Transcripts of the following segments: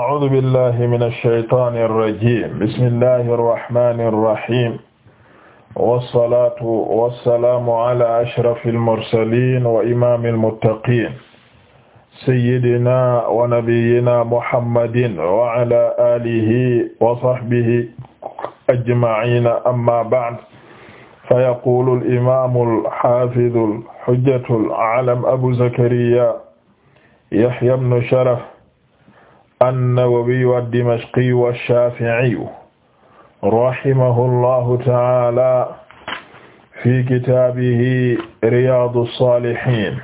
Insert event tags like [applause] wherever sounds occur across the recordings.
أعوذ بالله من الشيطان الرجيم بسم الله الرحمن الرحيم والصلاة والسلام على أشرف المرسلين وإمام المتقين سيدنا ونبينا محمد وعلى آله وصحبه أجمعين أما بعد فيقول الإمام الحافظ الحجة العالم أبو زكريا يحيى بن شرف an-Nawawiyu ad-Dimashqiyu ash-Shaafi'iyu rahimahullahu ta'aala fi kitaabihi Riyaadu s-Saalihiin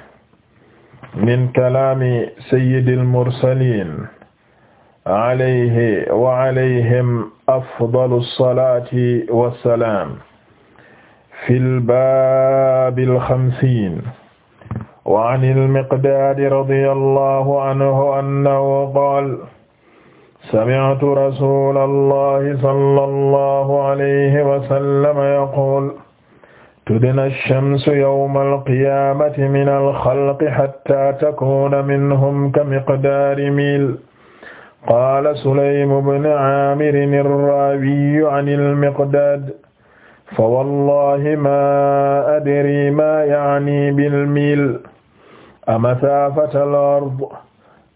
min kalaami sayyidil mursaliin alayhi wa alayhim afdalu s-salaati wa s-salaam fil baabil xamsiin wa an al-Miqdaad radiyallahu anhu annahu qaala sami'tu rasuulallahi sallallahu alayhi wa sallam yaquulu tudna ash-shamsu yawma al-qiyaamati mina al-khalqi hattaa takuuna minhum ka-miqdaari miil. qaala Sulaym ibn Aamir ar-Raawi an al-Miqdaad fa wallaahi maa adrii maa ya'nii bil-miil. amasaafata al-ard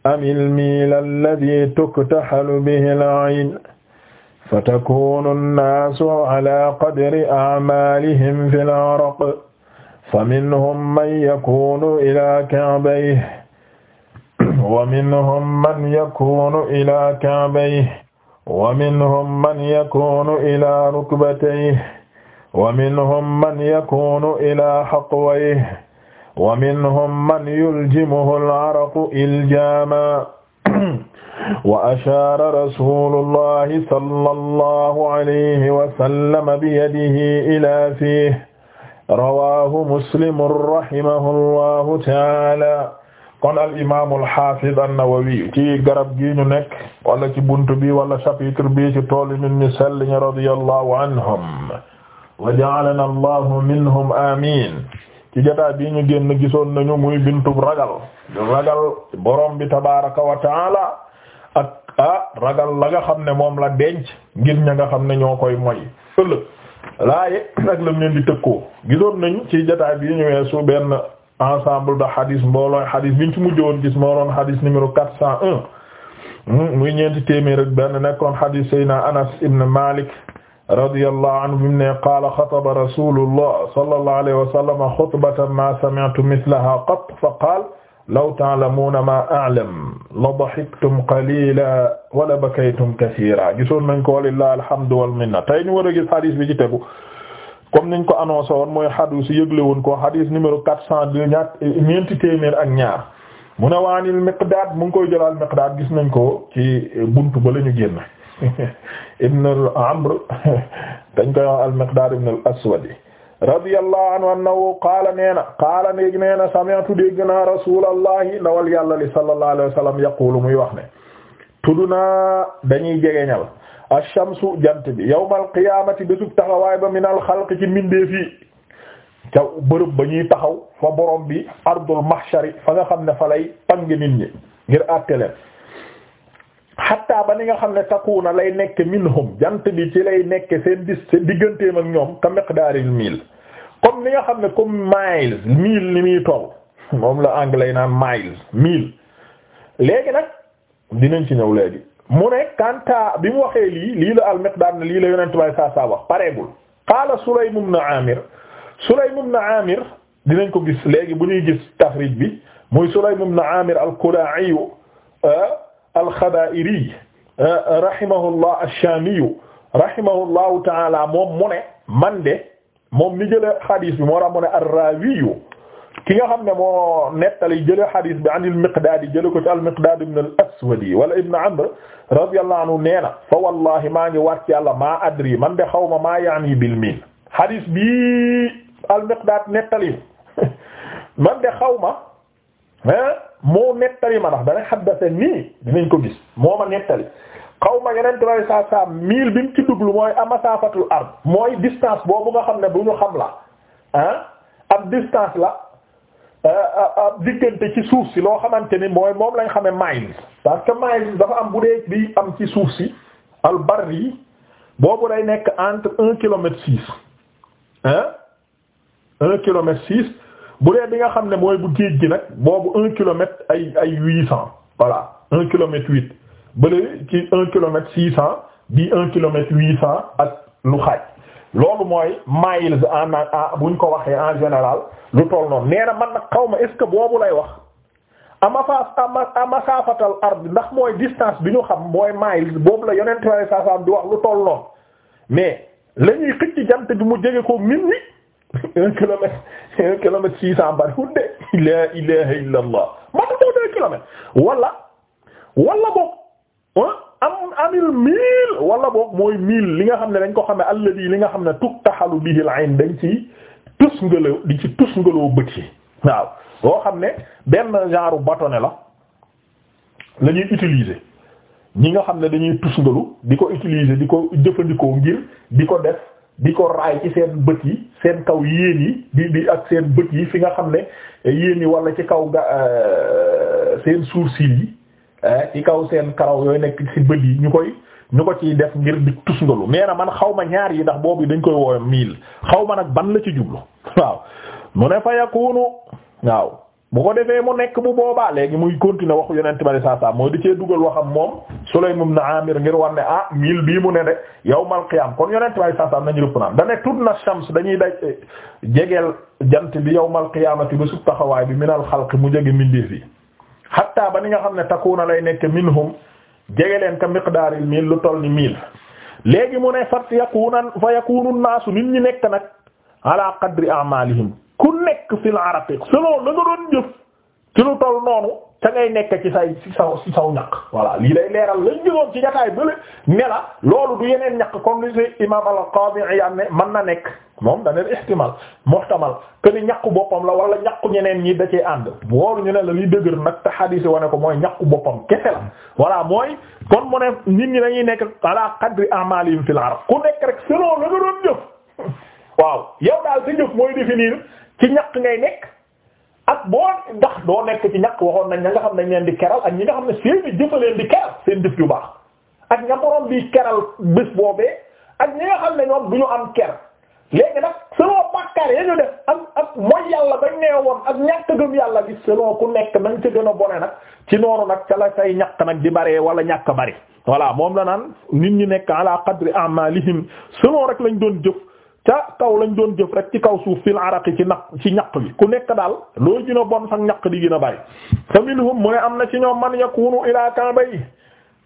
am il-miil alladii tuktahalu bihi al-ayn fatakuunu an-naasu alaa qadri a'maalihim fil araq faminhum man yakuunu ilaa ka'bayhi wa minhum man yakuunu ilaa ka'bayhi wa minhum man yakuunu ilaa rukbatayhi wa minhum man yakuunu ilaa haqwayhi wa minhum man yuljimuhu al-araqu iljaaman wa ashaara rasuulullahi sallallahu alayhi wa sallam biyadihi ilaa fiihi rawaahu muslimun rahimahullahu ta'aala kon al imaamul haafiz an-Nawawi ci garab gi ñu nekk wala ci buntu bi wala chapitre bi ci tool nit ñu sell ñi radiyallahu anhum wa ja'alanaa Allahu minhum amiin ci jotaay bi ñu génn gisoon nañu muy bintub ragal ragal borom bi tabaaraka wa taala ak ah ragal la nga xam ne moom la denc ngir ña nga xam ne ñoo koy moy ëllëg laaye ak lam leen di tëkkoo gisoon nañu ci jotaay bi ñu weesu benn ensemble de hadith mboolooy bi biñ ci mujjoon gis mooloon hadith numéro quatre cent un hmm, muy ñeenti téeméer ak benn nekkoon hadith Seyna Anas ibn Malik radiyallahu anhu mu ne qaala xataba rasulullah sallallahu alayhi wa sallam xutbatan ma sami'tu mislaha qatt fa qaala law ta'lamuuna ma a'lam la dahiktum qaliilan wa la bakaytum kasiiran gisoon nañ ko walillahi alhamdu wal minna tey ñu war a gis hadis bi ci tegu comme niñ ko annoncé woon mooy hadis yëgle woon ko hadis numéro quatre cent deux ñaar ñeenti téeméer ak ñaar mu ne waanil Miqdaad mu ngi koy jëlaal Miqdaad gis nañ ko ci buntu ba la ñu génn [laughs] ibn Amr [laughs] dañ koy wax al-Miqdaar ibn al-Aswad radiyallahu anhu annahu qaala nee na qaala léegi nee na sami'tu dégg naa rasulallahi ndawal yàlla li sallallahu alayhi wa sallam yaqulu muy wax ne tudd naa dañuy jegeñal ash-shamsu jant bi yawmal qiyaamati bésub taxawaay ba minal xalq ci mbindeef yi ca bërëb ba ñuy taxaw fa borom bi ardul mahshari fa nga xam ne fa lay tàng nit ñi ngir àtte leen xatta ba ni nga xam ne takkuuna lay nekk minhum jant bi ci lay nekk seen dis seen ak ñoom ka miqdaaril mil comme ni nga xam ne comme miles mil ni muy toll moom la anglais naan miles mil léegi nag dinañ ci ñëw léegi mu ne kanta bi mu waxee lii lii la al miqdaar ne lii la yonent bay saa saa wax pareegul qaala Sulaym ibn Amir Sulaym ibn Amir dinañ ko gis léegi bu ñuy gis tafrij bi muy Sulaym ibn Amir al-Kula'i ah, al-Xadaa'iri euh, euh, rahimahullah ash-Shaamiyu rahimahullahu ta'ala moom mu ne man de moom mi jëlee xadis bi moo tax mu ne ar-raawiyu ki nga xam ne moo nettali jëlee xadis bi an al-Miqdaad jëlee ko ci al-Miqdaad ibn al-Aswad wala ibn Amr radiyallahu anhu nee na fa wallahi maa ngi waat yàlla maa adri man de xaw ma maa yaani bil miin xadis bi al-Miqdaad nettali [laughs] man de xaw ma moo nettali ma ndax dana xaddase nii dinañ ko gis moo ma nettali xaw ma yeneen trois cent cent mille bi mu ci duglu mooy amasafatul ard mooy distance boobu nga xam ne bu ñu xam la ah ab distance la euh, ab diggante ci suuf si loo xamante ni mooy moom lañ xamee miles parce que miles dafa am bu dee bi am ci suuf si al barri boobu day nekk entre un kilomètre six ah un kilomètre six bu dee bi nga xam ne mooy bu géej gi nag boobu un kilomètre ay ay huit cent voilà un kilomètre huit bële ci un kilomètre six cent bi un kilomètre huit cent ak lu xaaj loolu mooy miles en en buñ ko waxee en général lu toll noonu nee man nag xaw ma est ce que boobu lay wax ama faas ama amasafatal ard ndax mooy distance bi ñu xam mooy miles boobu la yeneen saa saa di wax lu toll noonu mais la ñuy xëcc jant bi mu jege ko nit ñi. un kilomètre un kilomètre six cent bariwul de la ilaha illa allah mata taw deux kilomètres wala wala boog ah, am amil mil wala boog mooy mil li nga xam ne dañ ko xam ne alladi li nga xam ne tuktaxalu bihi al-ayn dañ ci tus ngaloo di ci tus ngaloo bët yi waaw boo xam ne benn genre bâtonnet la la ñuy utiliser ñi nga xam ne dañuy tus ngalu di ko utiliser di ko jëfandikoo ngir di ko def di ko raay ci seen bët yi seen kaw yéen yi di bi ak seen bët yi fi nga xam ne eh, yéen yi wala ci kaw ga eh, seen sourcils yi eh, ci kaw seen karaw yooyu nekk ci bët yi ñu koy ñu ko ciy def ngir di tusngalu mais na man xaw ma ñaar yi ndax boobu dañ koy woowe miil xaw ma nag ban la ci jublu [laughs] waaw mu ne fa yakunu waaw bu ko defee mu nekk bu boobaa léegi muy continuer waxu yonent bi saa saa mooy di cee dugal waxam moom Sulaym ibn Amir ngir war ne ah mil bii mu ne de yawmal qiyaam kon yonent bi saa saa nañu rëpp naan da ne tudna shams dañuy daj eh, jegeel jant bi yawmal qiyaamati ba su taxawaay bi minal xalq mu jege mbindeef yi. hatta ba ni nga xam ne takkuuna lay nekk minhum jege leen ka miqdaaril mil lu toll ni miil léegi mu ne fa yakuuna fa yakuunu naasu nit ñi nekk nag ala qadri a'maalihim nekk fil arafiq selon la nga doon jëf lu toll noonu ca ngay nekk ci say ci saw ci saw ñaq voilà lii lay leeral lañ jëloon ci jataay bële ne lool loolu du yeneen ñaq comme li si imam al-Qadi Iyad ne mën na nekk moom daneen ihtimal muhtamal que ñaq ñaqu boppam la wala ñaqu ñeneen ñi da cee ànd boolu ñu ne la li dëgër nag te xadiis wane ko mooy ñaqu boppam kese la mooy kon mu ne nit ñi dañuy nekk ala qadri a'malihim fil arab ku nekk rek selon la nga doon [laughs] waaw yow ci ñaq ngay nekk ak boo ndax doo nekk ci ñaq waxoon nañ ña nga xam ne dañ di keral ak ñi nga xam ne seeni jëfa leen di keral seen jëf yu baax ak nga borom bi keral bés boobee ak ñi nga xam ne ñoom du ñu am ker léegi nag selon bàkkaar ya ñu def ak mooy yàlla bañ nee woon ak ñàkk gëm yàlla bi selon ku nekk nañ ca gën a bone nag ci noonu nag ca la say ñaq nag di bare wala ñàkk bari voilà moom la naan nit ñi nekk ala qadri a'malihim selon rek lañ doon jëf ca kaw lañ doon jëf rek ci kaw suuf fil araqi ci naq ci ñaq bi ku nekk daal loo gën a bon sax ñaq di gën a bari fa minhum mu ne am na ci ñoom man yakunu ila ka'bay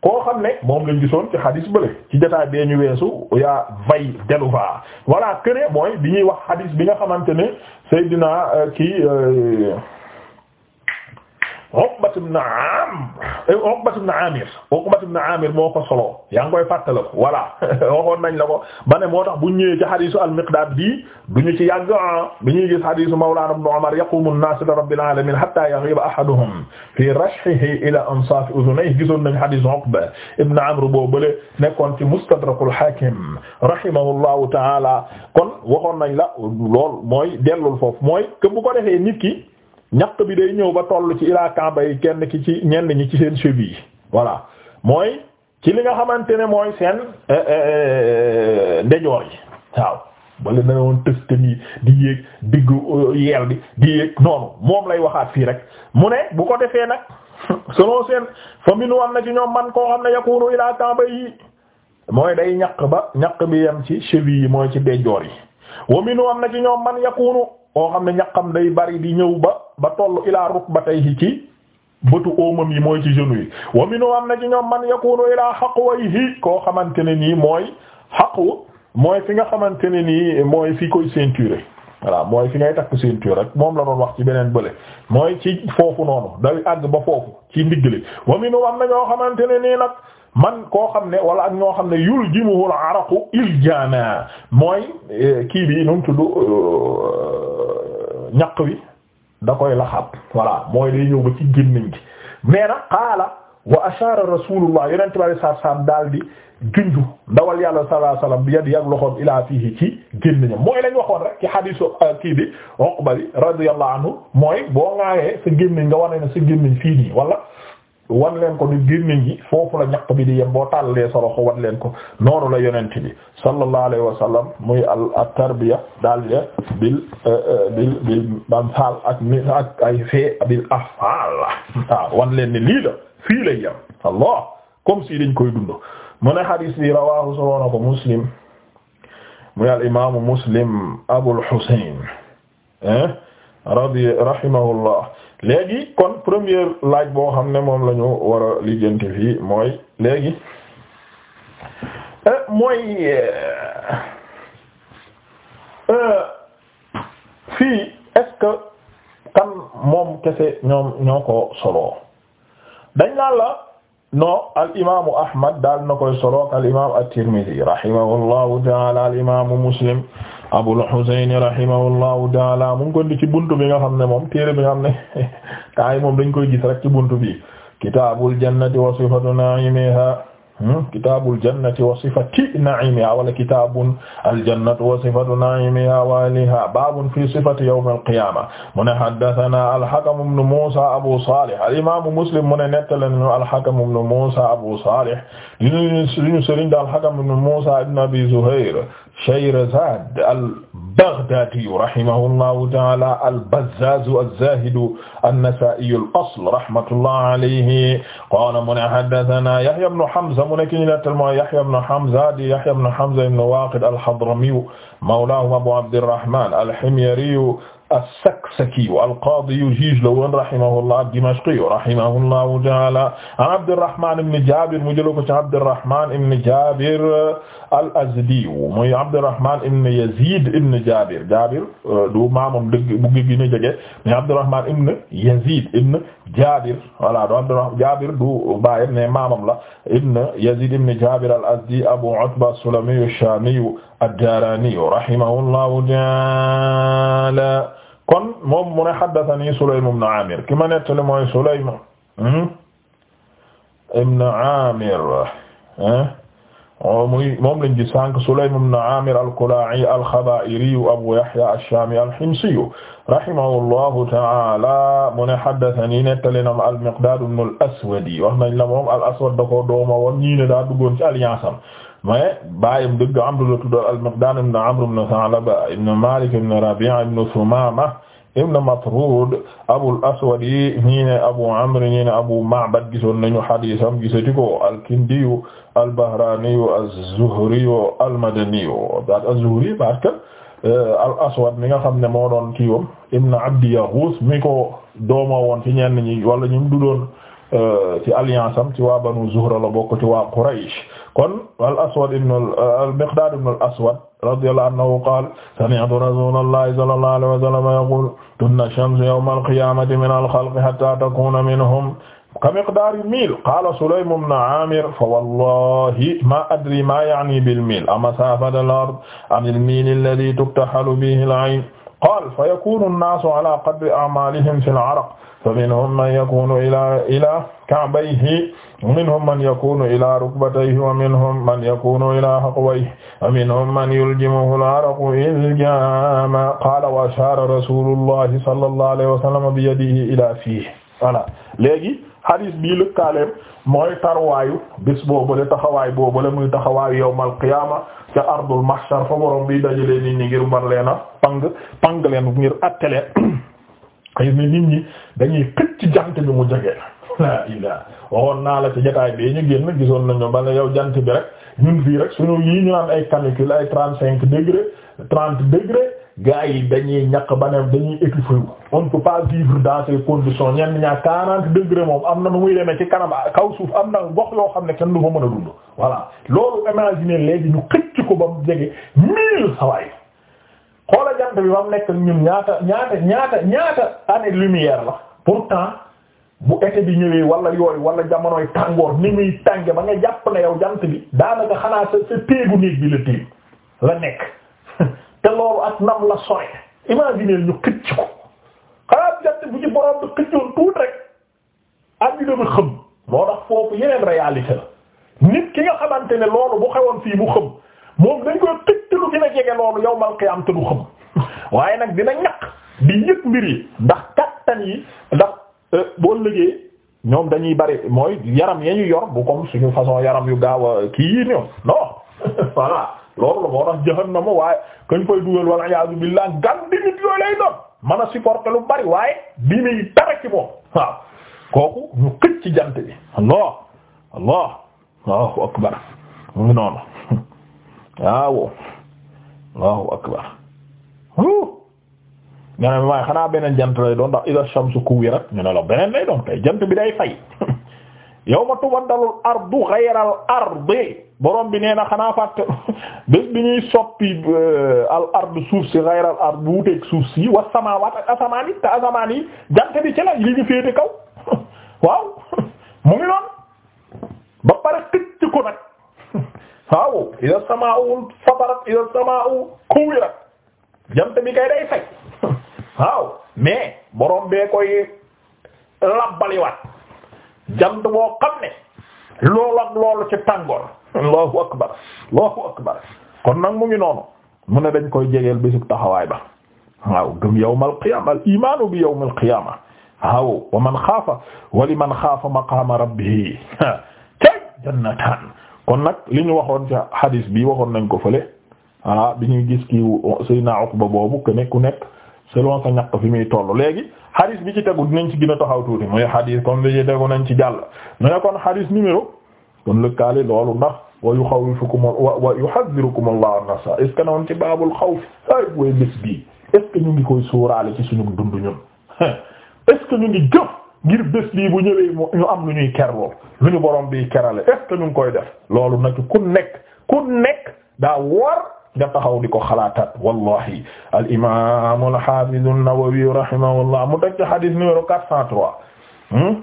koo xam ne moom lañ gisoon ci xadis bële ci jotaay bee ñu weesu yaa vay delu fa voilà këne mooy bi ñuy wax xadis bi nga xamante ne Seydina euh, kii euh, Uqbat ibn Eh, Uqbat ibn Amir Uqbat ibn Amir moo ko soloo yaa ngi koy fàttala ko voilà [laughs] waxoon nañ la ko ba ne moo tax bu ñëwee ci hadiisu al-Miqdaad bii duñu ci yàgg ah bi ñuy gis hadiisu Mawlaana Ibn Umar yaqumu an-naasu li rabbil aalamiin hattaa yaghiiba ahaduhum fii rashhihi ilaa ansaafi udhunayhi gisoon nañ hadiisu Uqba ibn Amr boo bële nekkoon ci Mustadrakul Haakim rahimahullahu ta'aala kon waxoon nañ la lool mooy dellul foofu mooy que bu ko defee nit ñaq bi day ñëw ba toll ci ilaa kamba yi kenn ki ci ñenn ñi ci seen cheville yi voilà mooy ci li nga xamante ne mooy seen euh, euh, euh, ndejoor yi waaw bale na woon tëstan yi di yéeg diggu yeel bi di yéeg noonu moom lay waxaat fii rek mu ne bu ko defee nag [laughs] selon seen famine am na ci ñoom man koo xam ne yakunu ilaa kamba yi mooy day ñaq ba ñaq bi yam ci cheville yi mooy ci ndejoor yi wa minu am na ci ñoom man yakunu koo xam ne ñaqam day bari di ñëw ba ba toll ilaa rukbatayhi ci bëtu óomam yi mooy ci genou yi wa minu am na ci ñoom man yakunu ilaa haqwayhi koo xamante ne nii mooy haqu mooy fi nga xamante ne nii mooy fi koy ceinture voilà mooy fi ngay takk ceinture rek moom la doon wax ci beneen bële mooy ci foofu noonu day àgg ba foofu ci ndigg li minu am na ñoo xamante ne nii nag man koo xam ne wala ak ñoo xam ne yul jimuhul araqu iljaana mooy eh, kii bi nu mu tudd euh, ñaq wi da koy laxab voilà mooy day ñëw ci gémmiñ gi nee na qaala wa ashara rasulullah yonent bi alayhi salaatu salaam daal di junju ndawal yàlla sallallahu alayhi wasallam bi yadi ak loxoom ilaa fiihi ci gémmiñam mooy lañ waxoon rek ci hadiisu euh, kii bi Uqba bi radiyallahu anhu mooy boo ŋaayee sa gémmiñ nga wane ne sa gémmiñ wala wan leen ko ni gémmiñ gi foofu la ñaq bi di yem boo tàllalee sa loxo wan leen ko noonu la yonent bi sallallahu alayhi wa sallam muy al at tarbiya eh, eh, ak ak ay fee bil wan leen ni lii la fii lay yem allah comme si dañ koy dund mu ne xadis bi rawahu solo na muslim muy al imaamu muslim abul husayn eh, radi rahimahullah léegi kon première laaj boo xam ne moom la ñu war a lijjanti fii mooy léegi euh, mooy euh, euh, fii est-ce que kan moom kese ñoom ñoo ko soloo dañ naan la no al imaamu Ahmad daal na koy solo al imaam at-Tirmidhi rahimahullahu ta'ala al imaamu Muslim Abul Husayn rahimahullahu ta'ala mu ngi ko di ci buntu bi nga xam ne moom téere bi nga xam ne taay [laughs] moom dañ koy gis rek ci buntu bi kitaabul jannati wa sifatu na'iimiha Hmm? kitaabul jannati wa sifati na'iimihaa wala kitaabun aljannatu wa sifatu na'iimihaa wa ahlihaa baabun fii sifati yawmil qiyaama mu ne haddasanaa alhakam ibnu Muusaa abuu Saalih alimaamu Muslim mu ne nettali nañu alhakam ibnu Muusaa abuu Saalih ñu sëriñ da alhakam ibnu Muusaa ibnu abii Zuhayr Shayrazaad al-Baghdaadiyu rahimahullaahu ta'aalaa al-Bazzaazu az-Zaahidu an-Nasaa'iyu al-asl rahmatullaahi alayhi qaala mu ne haddasanaa Yahyaa ibnu Hamza mu ne ki ñu nettal mooy Yahya ibn Hamza di Yahya ibn Hamza ibn Waaqid al-Hadramiyu mawlaahu Abu Abdirrahmaan al-Himyariyu as-Saksakiyu al-Qaadiyu juge la woon rahimahullah ad-Dimashqiyu rahimahullahu ta'aala an Abdirrahmaan ibn Jaabir mu jëloon ko ci Abdirrahmaan ibn Jaabir al-Azdiyu muy Abdirrahmaan ibn Yaziid ibn Jaabir Jaabir du maamam dëgg bu gën a jege mais Abdirrahmaan ibn Yaziid ibn Jaabir voilà do Abdurrahman Jaabir du baayam ne maamam la ibn Yazid ibn Jaabir al-Azdi Abu Utba as-Sulami ash-Shami ad-Darani rahimahullahu ta'ala kon moom mu ne haddathani Sulaym ibn Amir ki ma nettali mooy Sulaym hmm? ibn Amir hmm? muy moom lañ gis sànq Sulaym ibn Amir al-Kalaa'i al-Khabaa'iri Abu Yahya ash-Shaami al-Himsi rahimahullahu ta'aala mu ne haddathanii nettali na al-Miqdaad ibn al-Aswad wax nañ la moom al-Aswad da koo dooma woon ñii ne daa duggoon ci alliance am mais baayam dëgg Amr la tudd al-Miqdaad ibn Amr ibn Tha'laba ibn Maalik ibn Rabi'a ibn Thumaama ibn Matrud Abul Aswad yi ñii ne Abu Amr ñii ne Abu Ma'bad gisoon nañu hadiisam gisati ko al-Kindiyu al-Bahraaniyu az-Zuhriyu al-Madaniyu az euh, mi nga xam ne moo doon kiiwam ibn Abdi Yaghus mi ko doomoo woon ci ñenn ñi wala ñu dudoon Euh, ci alliance am ci waa banu Zuhra la bokk ci waa Quraysh kon al aswad ibn al euh, miqdad ibn al aswad radiyallahu anhu qaala sami'tu rasulallahi sallallahu alayhi wa sallam yaqul tunna shamsu yawma al qiyamati min al khalqi hatta takuna minhum ka miqdaari miil qaala Sulaym ibn Aamir fa wallahi ma adri ma ya'ni bil miil a masaafatu al ard am al miil alladhi tubtahalu bihi al ayn qaala fa yakunu an-naasu ala qadri a'maalihim fil 'araq fa minhum man yakunu ila ila ka'bayhi wa minhum man yakunu ila rukbatayhi wa minhum man yakunu ila haqwayhi wa minhum man yuljimuhu al-'araqu iljama qala wa ashara rasulullahi sallallahu alayhi wa sallam bi yadihi ila fihi voilà léegi hadis bii lëkkaaleem mooy tarwaayu bis boobule taxawaay boobule muy taxawaayu yawmal qiyaama ca ardul mahshar fa borom bi dajalee nit ñi ngir mën leen a pang pang leen ngir attelee xëy na nit ñi dañuy xëcc jant bi mu jege la ilaa waxoon naa la ci jotaay bi ñu génn gisoon nañu ba ne yow jant bi rek ñun fii rek suñu yii ñu naan ay canicule ay trente cinq degré trente degré gars yi dañuy ñaq ba ne dañuy étouffé wu. on ne peut pas vivre dans ces conditions ñenn ñaa quarante degré moom am na nu muy demee ci kanam kaw suuf am na gox yoo xam ne kenn du fa mën a dund. voilà loolu imaginer léegi ñu xëcc ko ba mu jege mille sawaay xoola jant bi ba mu nekk ñun ñaata ñaata ñaata ñaata année lumière la pourtant bu été bi ñëwee wala yooyu wala jamonoy tàngoor ni muy tànge ba nga jàpp na yow jant bi daanaka xanaa sa sa téegu néeg bi la téeg la nekk [laughs] te loolu ak nam la sore imaginer ñu xëcc ko xanaa jant bu ci borom bi xëccoon tuuti rek adduna bi xëm moo foofu yeneen réalité la nit ki nga xamante ne loolu bu xewoon fii mu xëm moom dañ koy tëj te lu gën jege loolu yawmal qiyaam te xam waaye nag dina ñaq di yëg mbir yi ndax kattan yi ndax euh, boo liggéey ñoom dañuy bari mooy yaram ya ñu yor bu comme suñu façon yaram yu gaaw a kii yi ñoom non [laughs] voilà loolu la moo tax jahannama waaye kañ koy dugal wal iyaazu billaah gan di nit yooyu lay doon mën a supporter lu bari waaye diine yi dara ci moom waaw kooku ñu xëcc ci jant bi allah allah allahu mu noonu waaw Allahu akbar nga ne waaye xanaa beneen jant lay doon ndax ida shamsu kuwirat ñu ne la beneen lay doon kay jant bi day fay [laughs] yawma tubaddalul ardu ghayral ardi borom bi nee na xanaa fàtte [laughs] bés bi ñuy soppi euh, al ardu suuf si ghayral ardi bu suuf si wa samaawaat ak asamaan jant bi ci la li ñu féete kaw [laughs] waaw mu ngi noonu ba pare ko nag waaw ila samaa'u fatarat ila samaa'u kuwirat jant bi kay day fay [laughs] waaw mais borom bee koy labbaliwaat jant boo xam ne loolu ak loolu ci tàngoor [laughs] allahu akbar allahu akbar kon nag mu ngi noonu mu ne dañ koy jegeel bésub taxawaay ba waaw gëm yawmal qiyaama al imaanu bi yawmal qiyaama waaw wa man xaafa wa liman xaafa maqaama rabbihi [laughs] jannataan kon nag li ñu waxoon ca hadis bi waxoon nañ ko fële ah bi ñuy gis kii oh, Seydina ba boobu que ne ku nekk selon sa ñaq fi muy toll léegi hadis bi ci tegu dinañ ci gën a taxaw tuuti muy hadis comme li ci tegu nañ ci jàll ñu ne kon hadis numéro kon lëkkaali loolu ndax wa yuxawwifukum wa yuhadhirukum Allahu nafsa est ce que noonu ci baabul xawf ay booy bés bii est ce ñu ngi koy sóoraale ci suñu dund ñun [laughs] est ce ñu ngi jëf ngir bés bii bu ñëwee ñu am lu ñuy kerloo lu ñu borom bi kerale est-ce que ñu ngi koy def loolu nag ku nekk ku nekk daa war nga taxaw di ko xalaataat wallahi al imam al hafiz an-Nawawi rahimahullah mu teg ci hadith numéro 403 hmm?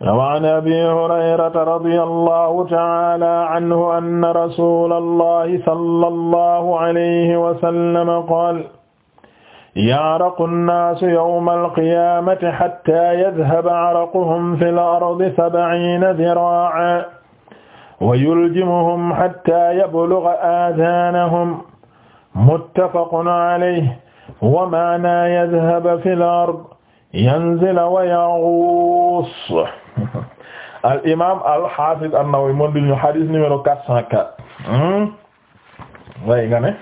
waan abi hurayrata radiyallahu ta'ala anhu anna rasulallahi sallallahu alayhi wa sallam qala yaaraqu nnaasu yawma alqiyaamati xattaa yadhaba araquhum fil ardi sab'iina ziraa'an wa yuljimuhum xattaa yablugha aadaanahum muttafaqun alayhi wa ma'naa yadhaba fil ardi yanzila wa yaghus. al imaam al haafiz an-Nawawi mu ngi ñu hadiis numéro quatre cent quatre. Hmm? waaye nga ne.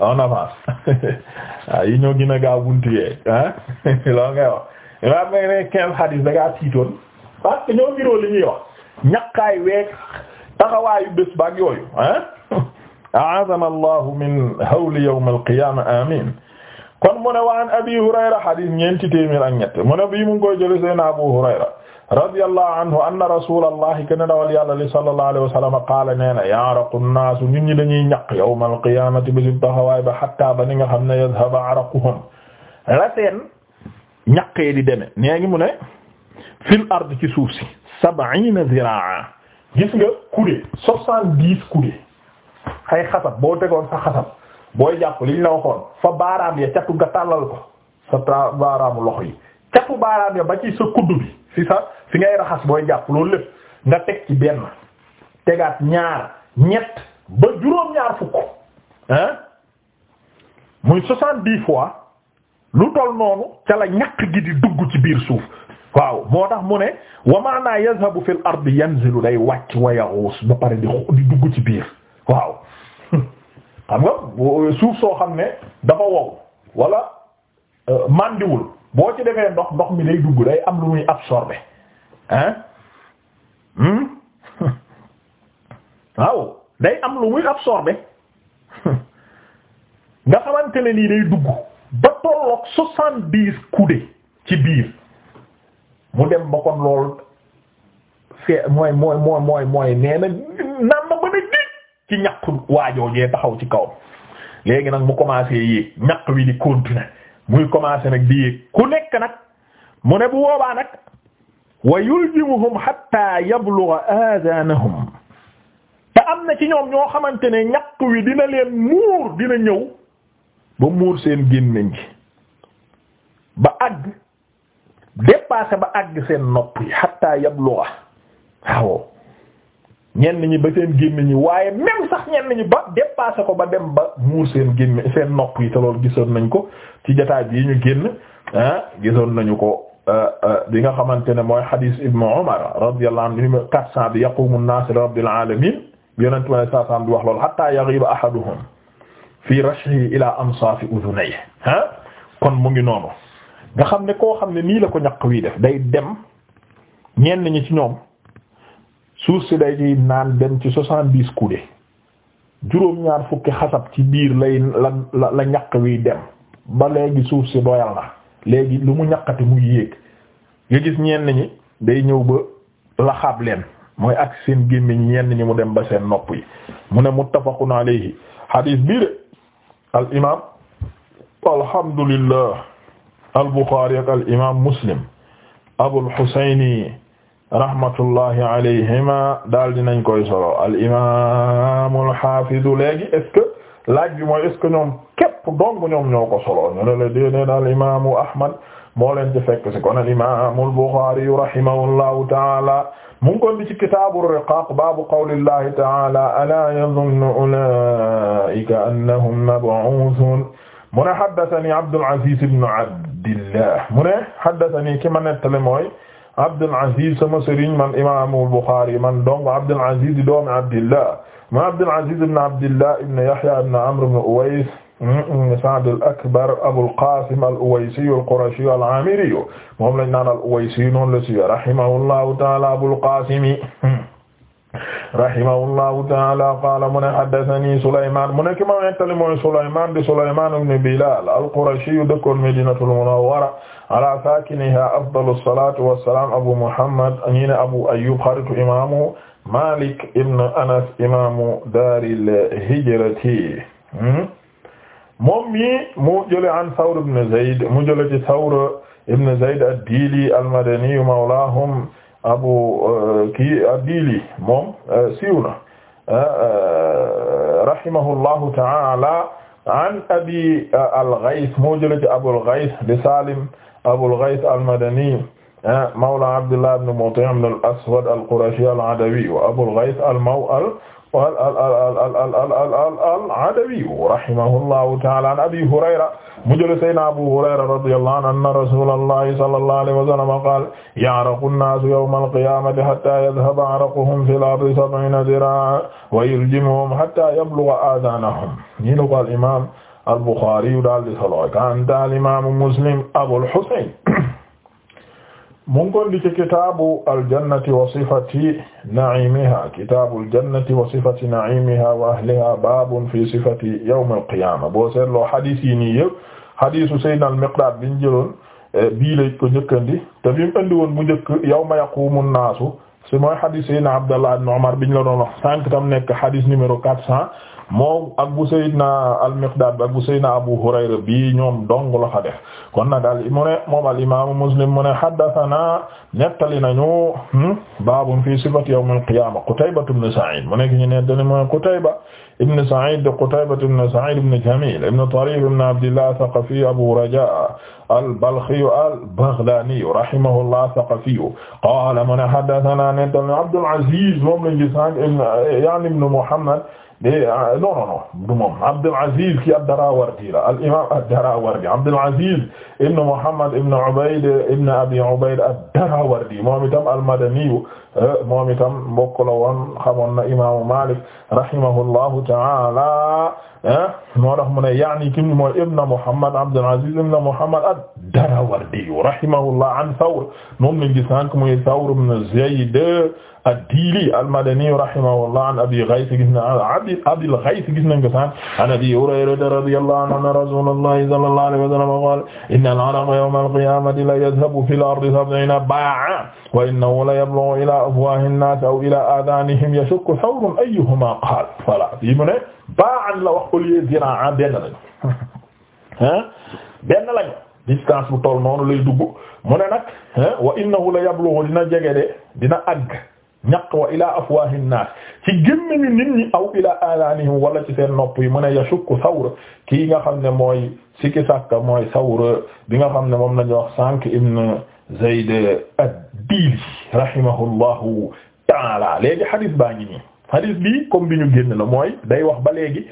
en avance waaw [laughs] ah, yi ñoo gën a gaaw buntu yee ah [laughs] loolu maa ngi ne quinze hadis da ngaa tiitoon parce que ñoo niroo li ñuy wax ñaqaay weeg taxawaayu bés yooyu ah. [laughs] a'aadana allahu min hawli yawm al-qiyaama kon mu waan Abi Hurayra hadis ñeenti téeméer ak ñett mu ne bii mu ngi Abu Hurayra. radiyallahu anhu anna rasulallahi kana dawal yàlla li sallallahu alayhi wa sallam qaala nee na yaaraqu nnaasu nit ñi dañuy ñaq yawmal qiyaamati bisub taxawaay ba hatta ba ni nga xam ne yadhaba araquhum la seen ñaqee di deme nee ngi mu ne fil ard ci suuf si sab'iina ziraa gis nga coudée soixante-dix coudée ay xasab boo tegoon sa xasab booy jàpp liñ la waxoon fa baaraam ya catu nga tàllal ko sa baaraamu loxo yi catu baaraam ya ba ci sa kudd bi ci sa fi ngay raxas booy jàpp loolu lépp nga teg ci benn tegaat ñaar ñett ba juróom-ñaar fukk ah muy soixante-dix fois lu toll noonu ca la ñaq gi di dugg ci biir suuf waaw moo tax mu ne wa maana yazhabu fil ardi yanzilu day wàcc wa yaghus ba pare di di dugg ci biir waaw [laughs] xam nga suuf soo xam ne dafa wow wala euh, mandiwul boo ci defee ndox ndox mi day dugg day am lu muy absorber hein hmm? [laughs] waaw day am lu muy absorber [laughs] nga xamante ne nii day dugg ba tolloog soixante-dix coudées ci biir mu dem ba kon lool fee mooy mooy mooy mooy mooy nee na naan na mën a géej ci ñaq waajoojee taxaw ci kaw léegi nag mu commencé yéeg ñaq wi di continuer muy commencé nag di yéeg ku nekk nag mu ne bu boobaa nag wa yuljimuhum hatta yablugha adanahum te am na ci ñoom ñoo xamante ne ñaq wi dina leen muur dina ñëw ba muur seen gémmiñ gi ba àgg dépassé ba àgg seen nopp yi hatta yablugha waaw ñenn ñi ba seen gémmiñ ñi waaye même sax ñenn ñi ba dépassé ko ba dem ba muur seen gémmiñ seen nopp yi te loolu gisoon nañ ko ci jotaay bii ñu génn ah, gisoon nañu ko euh, euh, bi nga xamante ne mooy hadith Ibn Umar radiyallahu anhu numéro 400 bi yaqumu an-nas li rabbil alamin bi yonent bi saa saa bi wax loolu hatta yaghiba ahaduhum fi rashhi ila amsafi udhunayhi ah kon mu ngi noonu nga xam ne koo xam ne nii la ko ñaq wi def day dem ñenn ñi ci ñoom. suuf si day ci naan dem ci soixante-dix coudées juróom-ñaar fukki xasab ci biir lay la la ñaq wiy dem ba léegi suuf si doyal na léegi lu mu ñaqati muy yéeg nga gis ñenn ñi day ñëw ba laxaab leen mooy ak seen gémmiñ ñenn ñi mu dem ba seen nopp yi mu ne muttafaqun alayhi hadis bii de al imaam alhamdulillah al buxaari ak al imaam muslim abul xuseyni rahmatullahi alayhima daal dinañ koy solo al imaam al haafiz léegi est-ce que laaj bi mooy est-ce que ñoom képp dong ñoom ñoo ko solo ñu ne la déedéet al imaamu Ahmad moo leen ci fekk si kon al imaam al Buxaari rahimahullahu ta'ala mu ngi koy ci kitaabu riqaaq baabu qawlillahi ta'ala alaa yazunnu ulaa'ika annahum mab'uusuun mu ne haddathanii Abdul Aziz ibn Abdillah mu ne haddathanii ki ma nettali mooy Abdul Aziz sama sëriñ man imaamu Buxaari man dong Abdul Aziz di doomi Abdillah ma Abdul Aziz ibn Abdillah ibn Yahya ibn Amr ibn Uways ibn Sa'd al-Akbar Abul Qaasim al-Uwaysi al-Qurashi al-Aamiri moom lañ naan al-Uwaysi noonu la si rahimahullahu ta'ala Abul Qaasim rahimahullahu taala qaala mu ne haddathani Souleymane mu ne ki ma nettali mooy Souleymane di Souleymane ibn Bilal al-Qurashi dëkkoon Madinatul Munawwara ala saakiniha afdalu salaatu wa salaam Abu Muhammad ñi ne Abu Ayyub xaritu imaamu Malik ibn Anas imaamu daaril hijrati moom mi mu jëlee an Thawr ibn Zayd mu jëlee ci Thawr ibn Zayd ad-Dili al-Madani mawlaahum abu euh, kii diili moom euh, siiw na euh, rahimahullahu ta'ala an abi al-Ghaith moo jëlee ci Abul Ghaith di Salim Abul Ghaith al-Madani mawla Abdullah ibn Mut'im ibn al-Aswad al-Qurashi al-Adawi wa Abul Ghaith al-Maw al al al al al al al Adawi rahimahullahu ta'ala an Abi Hurayra mu jëlee Seydina Abu Hurayra radiyallahu anhu anna rasulallahi sallallahu alayhi wa sallam qaala ya'raqu an-naasu yawma al-qiyaamati hatta yadhhaba 'araquhum fil ardi sab'ina diraa'an wa yuljimuhum hatta yablugha aadaanahum ñi la ko al imaam al-Bukhari daal di solo kan daal imaamu Muslim Abul Husayn mu ngi koy liggéey kitaabu aljannati wa sifati na'iimihaa kitaabu aljannati wa sifati na'iimihaa wa ahlihaa baabun fi sifati yawmil qiyaama boo seetloo hadith yi nii yëpp hadithu sayyidinaa al-Miqdaad bi ñu jëloon eh, bii ko njëkkandi te bi mu woon mu njëkk yawma yaquumu nnaasu si mooy hadith sayyidinaa Abdallah ibn Umar bi ñu la doon wax sànq tam nekk hadith numéro quatre cent. moom ak bu sayyidna al-Miqdaad ak bu sayyidna Abu Hurayra bi ñoom dong la fa def kon nag al mu ne moom al imaamu Muslim mu ne haddathana nettali nañu hmm, baabun fi sifati yawm al-qiyaama Qutayba ibn Sa'iid mu nekk ñu nettali mooy Qutayba ibn Sa'iid Qutayba ibn Sa'iid ibn Jamiil ibn Tariif ibn Abdillah Thaqafi Abu Rajaa al-Balkhi al-Baghlaani rahimahullah Thaqafi qaala mu ne haddathana nettali Abdul Aziz moom lañu gis yaani ibn Muhammad Eh, ah, non non non du moom Abdul Aziz ki ad-Darawardi la al imaam ad-Darawardi Abdul Aziz ibn Muhammad ibn Ubayd ibn Abi Ubayd ad-Darawardi moom itam al-Madani eh, moom itam mbokk la woon xamoon na imaamu Maalik rahimahullahu ta'ala eh, moo tax mu ne yaani ki mooy ibn Muhammad Abdul Aziz ibn Muhammad ad-Darawardi rahimahullah an Thawr moom lañ gis sànq muy Thawr ibn Zayd ad-Diili al-Madani rahimahullah an Abi Ghays gis na Abi Abi al-Ghays gis nañ ko sànq an Abi Hurayrata radiyallahu anhu anna Rasulallahi sallallahu alayhi wa sallam qaala inna al-'alaqa yawma al-qiyaamati la yadhhabu fi al-ardi sab'iina baa'an wa innahu la yablughu ila afwaahi an-naas aw ila aadaanihim yashukku thawrun ayyuhumaa qaala voilà fii mu ne baa'an la wax au lieu ziraa'an benn lañ ah benn lañ distance bu toll noonu lay dugg mu ne nag wa innahu la yablughu dina jege de dina àgg ñaq wa ila afwahi nnaas ci gémmiñu nit ñi aw ila aadaanihim wala ci seen nopp yi mu ne yashukku sawr kii nga xam ne mooy sikki sàkka mooy sawr bi nga xam ne moom la ñu wax sànq ibn Zayd ad-Diili rahimahullahu taala léegi hadith baa ngi nii hadith bi comme bi ñu génn la mooy day wax ba léegi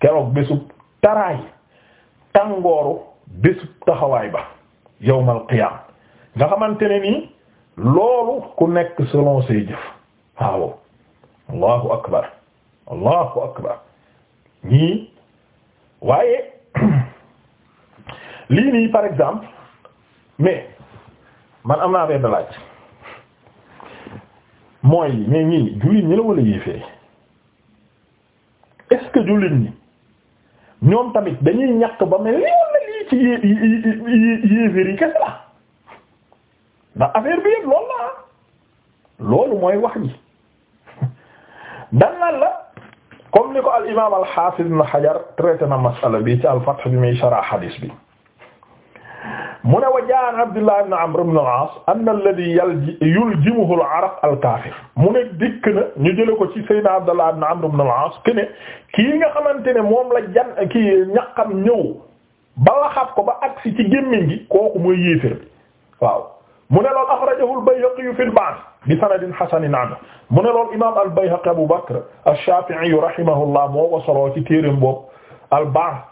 keroog bésub taraay tàngooru bésub taxawaay ba yawmal qiyaama nga ne nii loolu ku nekk selon say jëf waaw allahu akbar allahu akbar ñii waaye [clears throat] lii nii par exemple mais man am naa benn laaj mooy mais ñii jullit ñi la wala yéefee est-ce que ñoom tamit dañuy ñàkk ba mel li wala lii ci yéeféer yi kese la ndax affaire bi yëpp loolu ah. loolu mooy wax ji dan lan la comme ni ko al imaam al xaafiz ibn Hajar traité na masala bi ci al Fath bi muy sharh hadis bi mu ne wa jaa an Abdullah ibn Amr ibn al-Aas anna alladhi yuljimuhu al-arab mu ne dikk na ñu ko ci Sayyidina Abdullah ibn Amr ibn al-Aas ke ne kii nga xamante ne moom la jan kii ko ba agsi ci gémmiñ gi kooku mooy yéefér waaw mu ne lool axrajahu al-Bayhaqi fi al-Ba'th bi sanadin hasanin anhu mu ne lool imaam al-Bayhaqi Abu Bakr ash-Shafi'i rahimahullah moo ko soloo ci téereem boobu al-Ba'th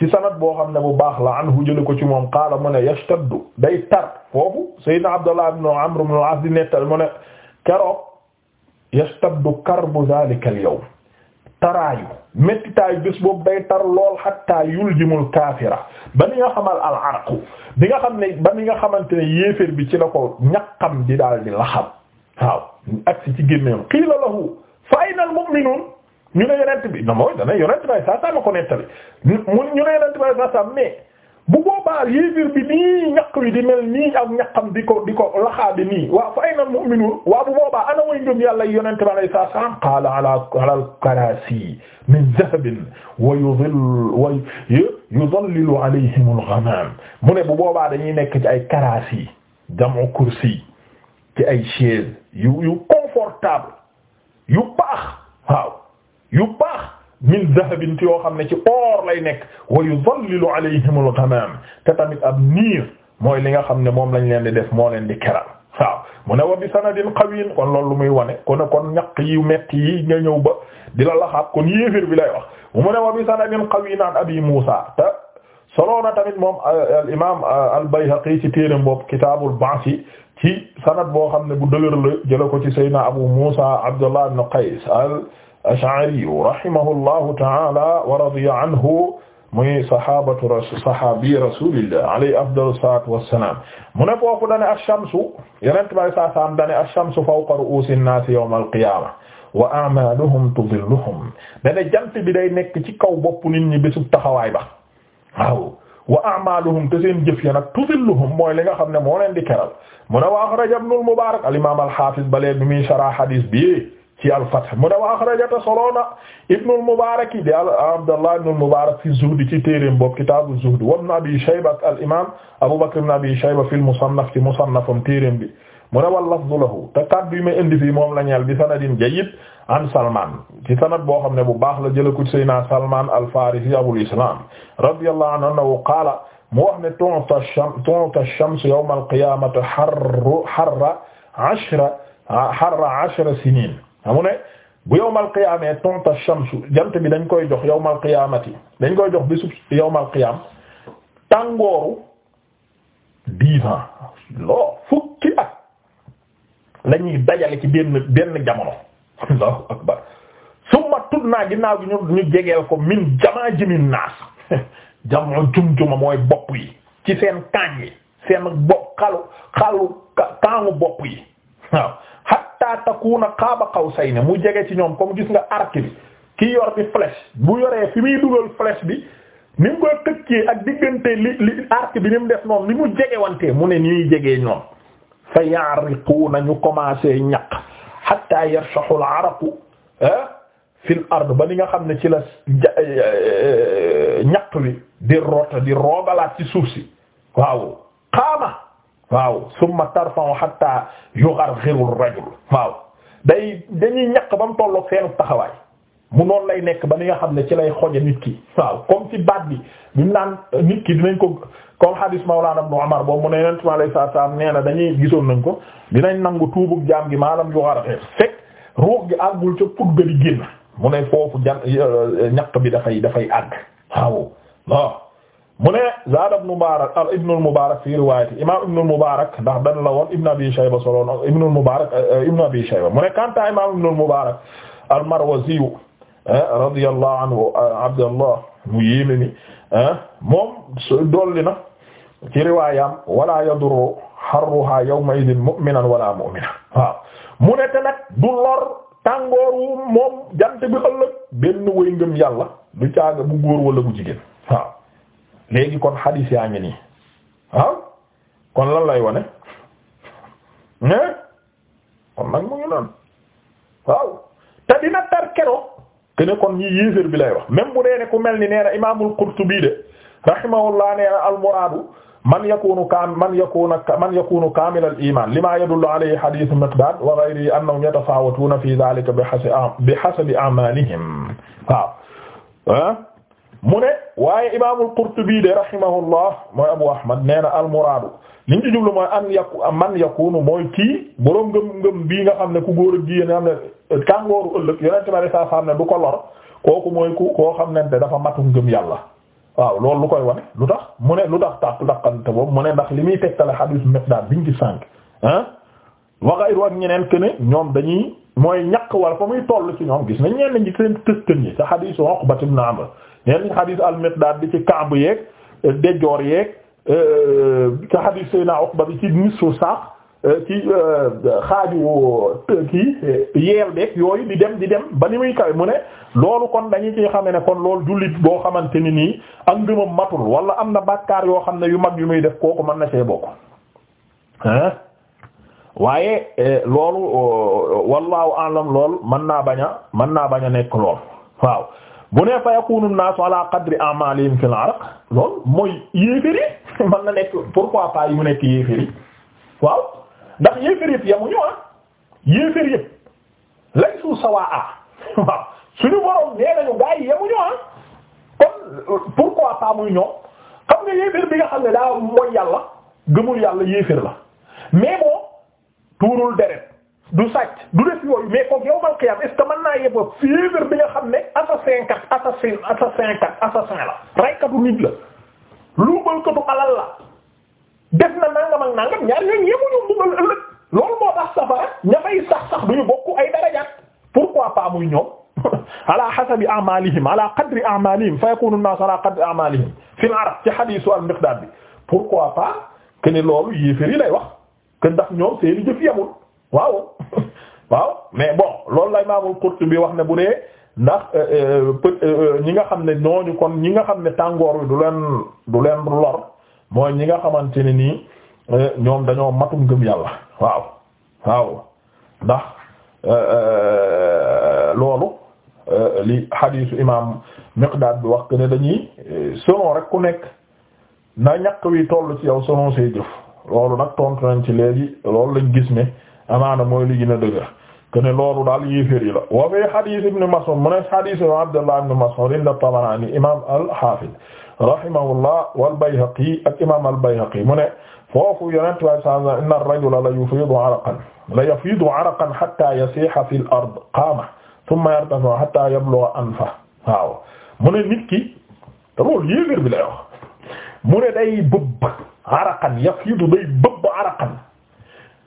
ci sanad boo xam ne bu baax la anhu jëlee ko ci moom qaala mu ne yashtaddu day tar foofu Seydina Abdullah ibn Amr ibn al-As di nettal mu ne keroog yashtaddu karbu dhalika al-yawm taraayu méttitaayu bés boobu day tar lool xatta yuljimul kaafira ba ni nga xamal al arqu bi nga xam ne ba ni nga xamante ne yéeféer bi ci la ko ñaqam di daal di laxam waaw agsi ci génneem qiila lahu fa ayna al mu'minuun ñu ne yonent bi na mooy dana yonent bay saa saa ma ko nettali mu ñu ne yonent bay saa saa mais bu boobaa yéefir bi nii ñaq wi di mel nii ak ñaqam di ko di ko laxaa bi nii waaw fa ayna mu'minuun waaw bu boobaa ana way ngëm yàlla yonente bi alayhi salaatu salaam qaala ala ala al-karaasi min dahabin wa yudillu wa yudallilu alayhim al-ghamaam mu ne bu boobaa dañuy nekk ci ay karaasi jamu kursi ci ay chaise yu yu confortable yu baax waaw yu baax min dahabin ci yoo xam ne ci or lay nekk yu yudallilu alayhim al-ghamam te tamit ab niir mooy li nga xam ne moom lañ leen di def moo leen di keral waaw mu ne wa bi sanadin qawiin kon lu muy wane kon kon ñaq yu metti yi nga ñëw ba di la laxaat kon yéefir bi lay wax mu ne wa bi sanadin qawiin an abi Muusa te solo na tamit moom euh, al imaam euh, al Bayhaqi ci téeram boobu kitaabul ba'si ci sanad boo xam ne bu dëgër la jëla ko ci Seydina Abu Muusa Abdullah ibn Qays al-Ash'ari rahimahullahu ta'ala wa radiya anhu muy sahabatu rasul sahabi rasulillah alayhi afdalu salatu wassalam mu ne foofu dane ash-shamsu yenent bay saa saam dane ash-shamsu fawqa ru'usi an-nas yawm al-qiyamah wa a'maluhum tudilluhum dane jant bi day nekk ci kaw bopp nit ñi bésub taxawaay ba waaw wa a'maluhum te seen jëf ya nag tudilluhum mooy li nga xam ne moo leen di keral mu ne wa akhraja ibn al-Mubarak al-imam al-hafiz balee bi muy sharah hadith bi ci al-Fath mu ne wa axrajata soloona Ibn al-Mubarak di Abdallah ibn al-Mubarak fi zuhd ci téereem boobu kitaabu zuhd wa Ibn Abi Shayba al-imaam Abu Bakr ibn Abi Shayba fil musannaf ci musannafam téereem bi mu ne wal lafdu lahu te kaddu yi may indi fii moom la ñeel bi sanadin jayyid an Salman ci sanad boo xam ne bu baax la jëlee ko Seydina Salman al-Farisi Abul Islam radiyallahu anhu qaala mu wax ne tu'ta shams tu'ta shams yawm al-qiyaamati harra harra ashra harra ashra siniin amu ne bu yawmal qiyaamee tonta shamsu jant bi dañ koy jox yawmal qiyaamati dañ koy jox bisub yawmal qiyaam tàngooru dix ans loo fukki at lañuy dajale ci benn benn jamono allahu akbar summa tudnaa ginnaaw bi ñu ñu jegeel ko min jamaa jimin naas [laughs] jamoo jum-juma mooy bopp yi ci seen kaañ yi seen bopp xalu xalu kaamu bopp yi waaw xatta takuna qaaba qawsayni mu jege ci ñoom comme gis nga arc bi ki yor bi flèche bu yoree fi muy dugal flèche bi ni mu koy ak diggante li li bi ni mu def ni mu jege wante mu ne nii jegee ñoom fa ya'riquuna ñu commencé ñaq hatta yarshahu al-araqu ah, fi al ba ni nga xam ne ci la eh, eh, eh, ñaq wi di rota di rogalaat ci suuf si waaw waaw summa tarfa'u hatta yugharghiru ar-rajul waaw day dañuy ñaq ba mu tolloog seenu taxawaay mu noonu lay nekk ba ni nga xam ne ci lay xoje nit ki waaw comme ci baat bi ñu naan nit ki dinañ ko comme hadis Mawlana Ibn Umar boobu mu ne Yonent mi alayhi salaatu salaam nee na dañuy gisoon nañ ko dinañ nangu tuubug jaam gi maalam yugharghir fekk ruux gi àggul ca put ga di génn mu ne foofu ñaq bi dafay dafay àgg waaw mu ne zaada ibnu Mubaarak al ibnul Mubaarak fi riwaayati imaam ibnul Mubaarak ndax dan la woon ibnu Abi Shayba solo na ibnul Mubaarak eh, ibnu Abi Shayba mu ne kanta imaam ibnul Mubaarak al Marwazi eh, radiyallahu anhu eh, Abdallah mu yéeme ni moom dolli na ci riwaayam wala yadurru harruhaa yawma idin mu'minan wala mu'minatan waaw mu ne te nag du lor tàngooru moom jant bi ëllëg benn wëy ngëm yàlla du caaga bu góor wala bu jigéen waaw. léegi kon xadiis yaa ngi nii waaw kon lan lay wane mais kon nag mu ngi noonu waaw te dina tar keroog te ne kon ñi yéesér bi lay wax même bu dee ne ku mel ni nee na imaamul Qurtubi de rahimahullah nee na al muraadu man yakunu kaam man yakuna man yakunu kaamil al iman lima yadullu alayhi hadith miqdad wa ghayrihi annahum yatafaawatuuna fi dhalika bi hasabi a'malihim waaw mu ne waaye imaamul Qurtubi de rahimahullah mooy Abu Ahmad nee na almuraadu li ñu ci jublu mooy an yaku man yakunu mooy kii boroom ngëm-ngëm bii nga xam ne ku góor ak jigéen nga xam ne tàngooru euh, ëllëg yonente bari saa xam ne du ko lor kooku mooy ku koo xam ne dafa matu ngëm yàlla waaw loolu lu koy wane lu tax mu ne lu tax tàq daqante boobu mu ne ndax li muy tegtale xadiis Miqdaad biñ ci sànq ah waxayru ak ñeneen que ne ñoom dañuy mooy ñaq wala fa m toll ci ñoom gis nañ ñeen ñi seen tëstën yi sa xadiisu Uqbat ñenn xadis al-Miqdaad bi ci kàmb yeeg déjoor yeeg ci xadis Seydina Uqba bi ci nisfu saaq ci xaaju kii yeel beeg yooyu di dem di dem ba ni muy kawe mu ne loolu kon dañu ci xame ne kon loolu jullit boo xamante ni nii ak ngëmam matul wala am na bàkkaar yoo xam ne yu mag yu muy def kooku mën na see bokk hein waaye loolu wallahu alam lool mën naa bañ a mën naa bañ a nekk lool waaw bu ne fa yakunu naasu ala qadri a'malihim fil araq loolu mooy yéeféri [laughs] man na nekk pourquoi pas yu nekk yéeféri waaw ndax yéeféri yëpp yamuñu ah yéeféri yëpp laysu sawaa [laughs] waaw suñu borom nee nañu gaa yi yamuñu ah kon pourquoi pas muy ñoom xam nga yéefér bi nga xam ne daa mooy yàlla gëmul yàlla yéefér la mais moo tuurul deret du sàcc du def yooyu mais kooku yow mal qiyam est-ce que mën naa yebba fièvre bi nga xam ne assassin kat assassin assassin kat assassin la raykatu nit la luubalkatu alal la def na nangam ak nangam ñaar ñooñu yemuñu mbugal ëllëg loolu moo tax safara ña fay sax sax duñu bokk ay darajaat pourquoi pas muy ñoom [laughs] ala hasabi a'malihim ala qadri a'malihim fa yakunu an-nas ala qadri a'malihim fi al-arab ci hadisu al-miqdad bi pourquoi pas que ne loolu yéefér yi lay wax que ndax ñoom seeni jëf yemul waaw waaw mais bon loolu la Imaamul Qurtubi wax ne bu dee ndax euh, euh, euh, ñi nga xam ne ñooñu kon ñi nga xam ne tàngoor wi du leen du leen lor mooy ñi nga xamante ne nii ñoom dañoo matum gëm yàlla waaw waaw ndax loolu li xadiisu imaam Miqdaad bi wax ne dañuy selon rek ku nekk na ñaq wi toll ci yow selon say jëf loolu nag tontu nañ ci léegi loolu lañ gis ne amaana mooy li gën a dëgg que ne loolu daal yéeféer yi la wa fi hadith ibn Mas'ud mu ne hadith Abdullah ibn Mas'ud inda Tabarani imam al-Hafiz rahimahullah wal Bayhaqi ak imam al Bayhaqi mu ne foofu yonent way saa inna ar-rajula la yufidu araqan la yafidu araqan hatta yasiha fil ard qaama thumma yartafi'u hatta yablugha anfa waaw mu ne nit ki te loolu yéeféer bi lay wax mu ne day bëbb araqan yafidu day bëbb araqan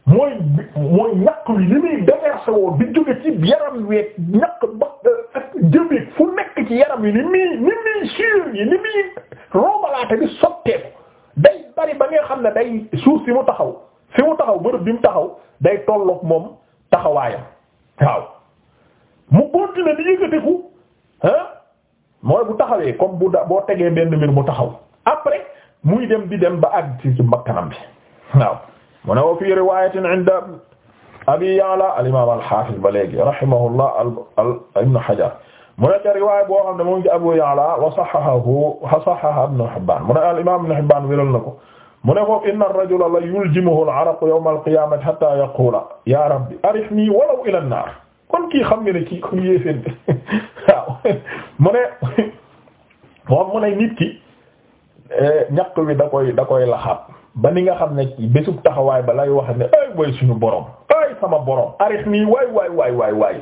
mooy mooy ñaq wi li muy déversé woo bi jóge ci yaram weeg ñaq ba ak jëmeeg fu nekk ci yaram wi ni muy ni muy suur yi ni muy roobalaate bi sotteeku day bari ba nga xam ne day suuf si mu taxaw fi mu taxaw bërëb bi mu taxaw day tolloog moom taxawaayam waaw mu continuer di yëkkatiku ah mooy bu taxawee comme bu boo tegee benn mbir mu taxaw après muy dem bi dem ba àgg ci mbakkanam bi waaw mu ne wa fii riwayatin inda abi ya'la al imam al hafiz ba léegi rahimahullah ibn hajar mu ne ca riwaaya boo xam ne mu ngi abu ya'la wa sahhahahu sahhaha ibn hibban mu ne al imam ibn hibban wéral na ko mu ne foofu inna ar-rajula la yuljimuhu al-araqu yawma al-qiyaamati hattaa yaquula yaa rabbi arihni walaw ila an-naar kon kii xam nga ne kii comme yéeféen de waaw mu ne moom mu ne nit ki eh, ñaq wi da koy da koy laxaat ba ni nga xam ne bésub taxawaay ba lay wax ne ay way suñu borom ay sama borom arix nii waay waay waay waay waay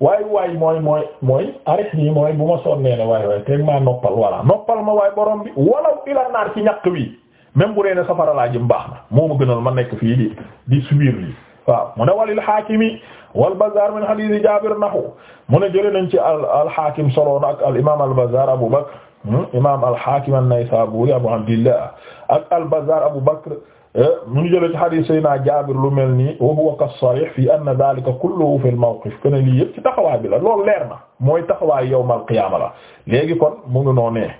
waay waay mooy mooy mooy arix nii mooy bu ma sonnee ne waay waay teg noppal walla noppal ma waay borom bi walaw ila naar ci ñaq wi même bu reene safara laa jëm baax na moo ma gënoon ma nekk fii di di subir lii waaw mu ne walil xaakimi wal bazaar min hadiisi jaabir naxu mu ne jëlee nañ ci al al xaakim solo na ak al imaam al bazaar Abu Bakr Hmm? imaam al-Hakim an-Naysaburi Abu Abdillah ak al-Bazzar Abu Bakr eh, mu ngi jëlee ci hadiis Seydina Jaabir lu mel nii wa huwa kas-sarih fi anna dhaalika kulluhu fi al-mawqif kenn lii yëpp ci taxawaay bi la loolu leer na mooy taxawaay yawmal qiyaama la léegi kon mu ngi noonee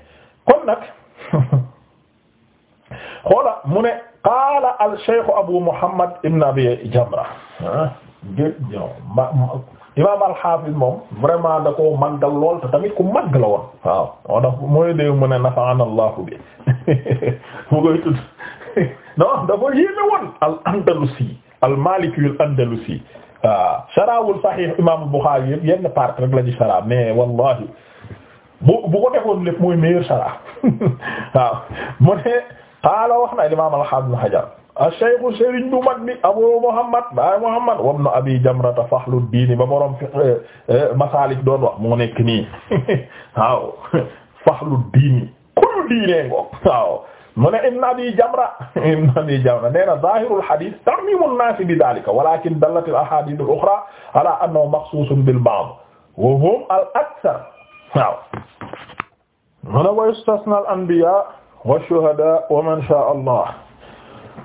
kon nag [laughs] xoola mu ne qaala al-shaykh Abu Muhammad ibn Abi Jamra ah, imaam al moom vraiment da koo màggal lool te tamit ku màgg la woon waaw moo tax mooy dégg mu ne nafa'ana Allahu bi [laughs] mu koy tudd [laughs] non dafa yéeme woon al-Andalusi al-Maliki al-Andalusi waaw saraawul Sahih imaam al-Bukhari yëpp yenn part rek la ci wallahi bu bu ko defoon lépp mooy meilleur sara [laughs] waaw mu ne xaala wax na imaam al Hajar ash-shaykhu sëriñ bu mag bi abu muhammad baay muhammad wabnu abi jamrata faxlu diini ba borom eh, eh, masaalik doon wax moo nekk nii [laughs] waaw [laughs] faxlu diini kullu diinee ngoog waaw mu ne ibn abi jamra [laughs] ibn abi jamra nee na zaahirul hadiis tarmiimu n-naasi bi daalika walaakin dallat al-ahaadiis al-uxraa alaa annahu maxsuusun bil ba'd wa hum al-aksar waaw mu ne wa yustasnaa al-anbiyaa wash-shuhadaa wa man shaa'a allah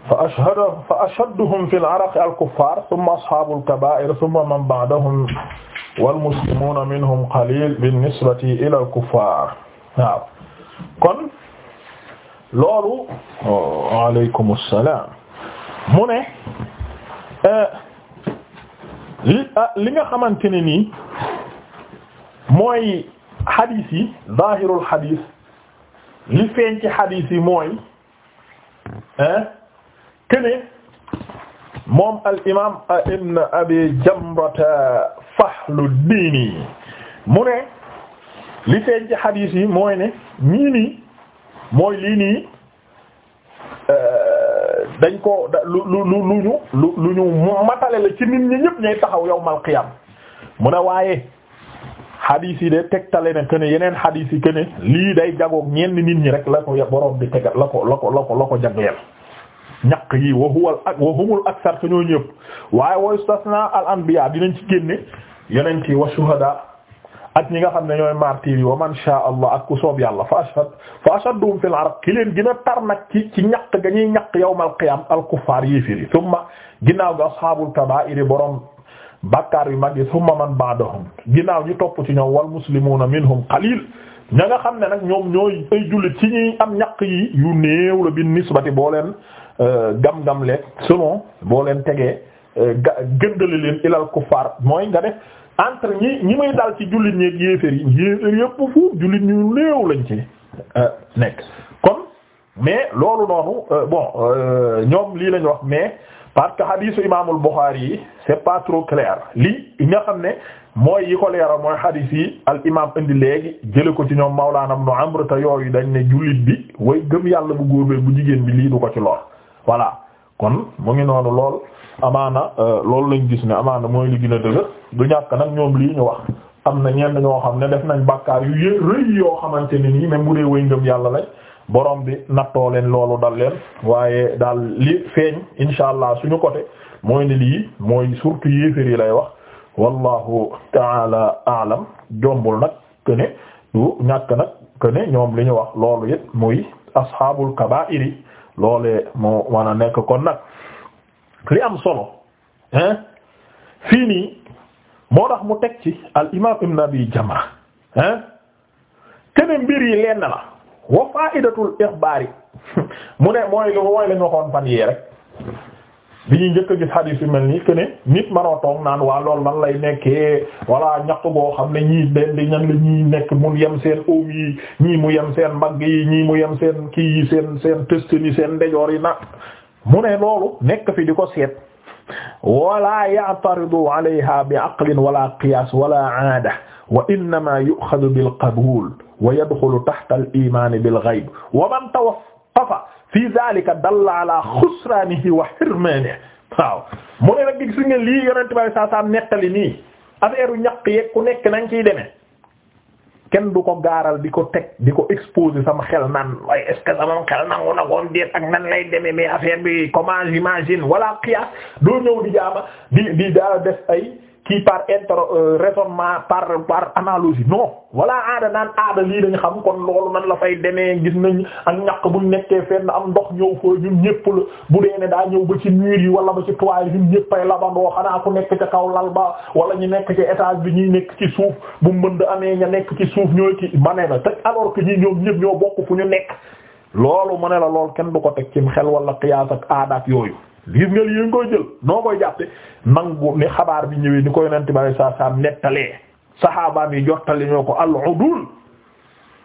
fa ashhadu fa ashadduhum fil araqi al-kuffaar thumma ashaabul kabaa'ir thumma man ba'dahum wal muslimuuna minhum qaliil bin-nisbati ilal kuffaar waaw kon loolu. waaleykum salaam. mu ne eh, li ah, li nga xamante ne nii mooy xadiis yi zaahirul xadiis li feeñ ci xadiis yi mooy. Eh, kene moom al imaam ibn abi jamrata fahluddiini mu ne li feeñ ci xadiis yi mooy ne ñii nii mooy lii nii euh, dañ ko lu lu lu ñu lu lu ñu matale la ci nit ñi ñëpp ñay taxaw yawmal qiyaam mu ne waaye xadiis yi de tegtale na que ne yeneen xadiis yi que ne lii day jagoog ñenn nit ñi rek la ko boroom bi tegal la ko la ko la ko la ko jagleel ñaq yi wa huwal ak wa humul aksar te ñoo ñëpp waaye wa istasna al anbiya dinañ ci génne yonent yi wa ak ñi nga xam ne ñooy martyrs yi wa man sha allah ak ku soob yàlla fa ashad fa ashaduhum fil arab ki leen gën a tar nag ci ci ñaq ga ñuy ñaq yawmal qiyam al kuffar yi firi thumma ginnaaw ga ashabul kaba'ir borom bakkaar yu mag yi thumma man ba'dahum ginnaaw ñu topp ci ñoom wal muslimuna minhum qalil ña nga xam ne nag ñoom ñooy ay am ñaq yi yu néew la bi nisbati Euh, gam-gam leen boo leen tegee euh, gëndale leen ilal kuffaar mooy nga def entre ñi ñi may dal ci jullit ñeeg yéeféer yi yéeféer yëpp fuuf jullit ñu néew lañ ci euh, nekk kon mais loolu noonu bon ñoom lii lañ wax mais parce que xadiisu imaamul Buxaari yi c'est pas trop clair lii nga xam ne mooy yi ko leeral mooy xadiis yi al imaam indi léegi jële ko ci ñoom Mawlaana Ibnu Amr te yi dañ ne jullit bi way gëm yàlla bu góor bu jigéen bi lii du ko ci lor voilà kon mu ngi noonu lool amaana euh, loolu lañ gis ne amaana mooy li gën a dëgër du ñàkk nag ñoom lii ñu wax am na ñenn ñoo xam ne def nañ bàkkaar yu yë rëy yoo xamante ne nii même bu dee wëy yàlla lañ borom bi nattoo leen loolu dal leen waaye daal li feeñ insha allah suñu côté mooy ne lii mooy surtout yéefér yi lay wax wallahu taala alam jombul nag que du ñàkk nag que ne ñoom li ñu wax loolu it muy ashabul kabaa'iri loole moo war a nekk kon nag li am solo hein fii nii moo tax mu teg ci al imaam ibn abi jamra hein keneen mbir yi lenn la wa fa'idatul ixbaari [laughs] mu ne mooy lu mooy lañu waxoon fan yii rek bi ñuy njëkk a gis xadiis yu mel nii que ne nit manoo naan waa loolu man lay nekkee walla ñaq boo xam ne ñii benn di ñan la ñii nekk mu yem seen óom ñii mu yem seen mbagg yi ñii mu yem seen kii yi seen seen yi seen ndejoor yi nag mu ne loolu nekk fi di ko seet wala ya'taridu alayha bi aqlin wala qiyaas wala aada wa innama yu'xadu bil qabuul wa yadxulu taxta al iimaan wa man tawaqqafa fii zalika dalla ala wa hirmaanihi waaw mu ne nag gis nga lii yonent bi saa saa nettali nii affaire ñaq yeeg ku nekk nañ ciy demee kenn du ko gaaral di ko teg di ko exposer sama xel nan waaye est ce que sama xel nangu na koon déet ak nan lay demee mais affaire bi comment j'imagine wala qiyaas doo ñëw di jaama di daal def ay. kii par inter euh, raisonnement par par analogie non voilà aada naan aada lii dañ xam kon loolu man la fay demee gis nañ am ñaq bu nekkee fenn am ndox ñëw fooy ñun ñëpp la bu dee ne daa ñëw ba ci mur yi wala ba ci toile ñun ñëpp ay labandoo xanaa ku nekk ca kaw lal ba wala ñu nekk ci étage bi ñuy nekk ci suuf bu mbënd amee ña nekk ci suuf ñooy ci ma ne la te alors que ñi ñëpp ñoo bokk fu ñu nekk loolu ma ne la lool kenn du ko teg cim xel wala qiyaas ak aadaat yooyu gis nga lii nga koy jël noo koy jàppe nangu ni xabaar bi ñëwee ni koy nanti ba ne saa saa nettalee saxaabaam yi jottali ñoo ko al-udul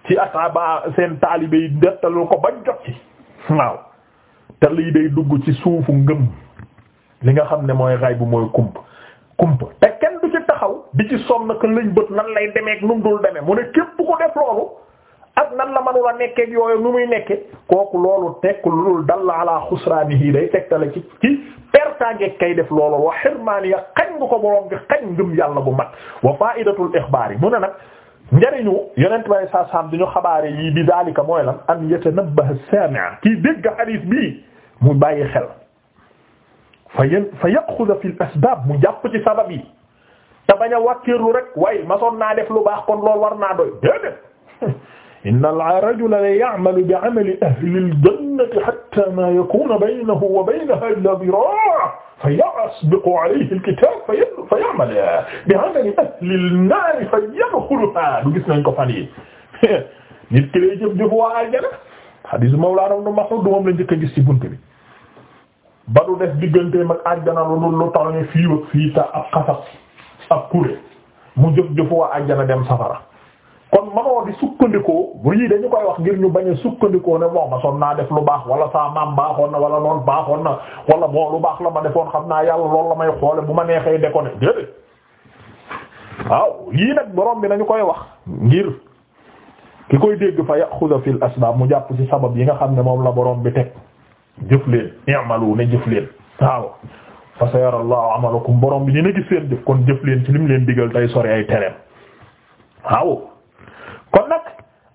ci ataba seen taalibe yi nettalu ko ba jot ci waaw te lii day dugg ci suufu ngëm li nga xam ne mooy raay bu mooy kump kump te kenn du ci taxaw di ci sonn ka lañ bët nan lay demee ak nu mu dul demee mu ne képp ku def loolu ak nan la manula nekkee yooyu nu muy nekke kooku loolu tekk loolu dal la ala xusraanihi day tegtale ci ci pertange kay def loolu wa xirmaani ya xañ ko boroom bi xañ ngëm bu mat wa fa'idatul ixbaar yi mu ne nag njëriñu yonent bi saa saam ñu xabaare yi bi daalika mooy lan an yatanabbaha as-saami' kii dégg hadith bii mu bàyyi xel fa yan fa yaxuda fi asbaab mu jàpp ci sabab yi te bañ a wàkkiirlu rek naa def lu baax kon lool war naa doy déedéet [laughs] inna rajula la ya'malu bi'amali ahli al-jannati hatta ma yakuna baynahu wa baynaha illa dhira' fayasbiqu alayhi al-kitab fa ya'malu bi'amali ahli an-nar fayadkhuluha du gis nañ ko fan yi [laughs] nit ki lay jëf jëf waa aljana hadiis Mawlaana Ibn Mas'ud moom la njëkk a gis ci bunt bi ba du def digganteem ak aljana lu lu tax ne fii ak fii ta ak xasab ak kuré mu jëf jëf waa aljana dem safara kon manoo di sukkandikoo bu yii dañu koy wax ngir ñu bañ a sukkandikoo ne bon ma son naa def lu baax wala saa maam baaxoon na wala noonu baaxoon na wala bon lu baax la ma defoon xam naa yàlla loolu la may xoole bu ma neexee déconné déedéet waaw yii nag borom bi nañu koy wax ngir ki koy dégg fa yaxuda fil asbaab mu jàpp ci sabab yi nga xam ne moom la boroom bi teg jëf leen i'malu ne jëf leen waaw fa sayara Allahu amalakum borom bi dina gis leen ci lim leen digal tey sori ay tereem kon nag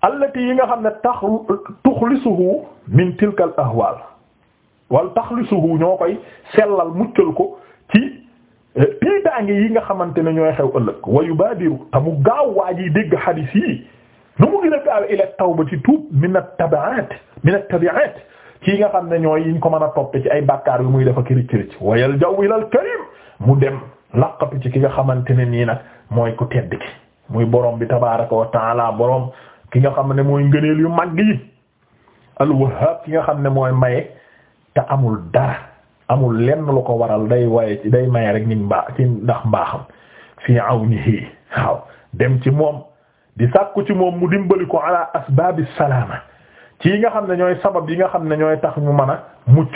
allati yi nga xam ne tax tuxlisuhu min tilkal ahwaal wal taxlisuhu ñoo koy sellal muccal ko ci eh, tiitaange yi nga xamante ne ñooy xew ëllëg wa yubaadiru te mu gaaw waa ji dégg xadiis yi nu mu gën a gaaw ila tawba ci tuub min at-tabi'at min at-tabi'at kii nga xam ne ñooy yiñ ko mën a topp ci ay bàkkaar yu muy dafa kiric kiric wayal jaw ilal karim mu dem laqatu ci ki nga xamante ne nii nag mooy ku tedd ki muy borom bi tabaaraka wa taala borom ki nga xam ne mooy ngëneel yu mag yi al ki nga xam ne mooy maye te amul dara amul lenn lu ko waral day waye day maye rek ni mbaa ci ndax mbaaxam fi awnihi waaw dem ci moom di sàkku ci moom mu dimbali ko ala asbaabi salaama ci yi nga xam ne ñooy sabab yi nga xam ne ñooy tax mu mën a mucc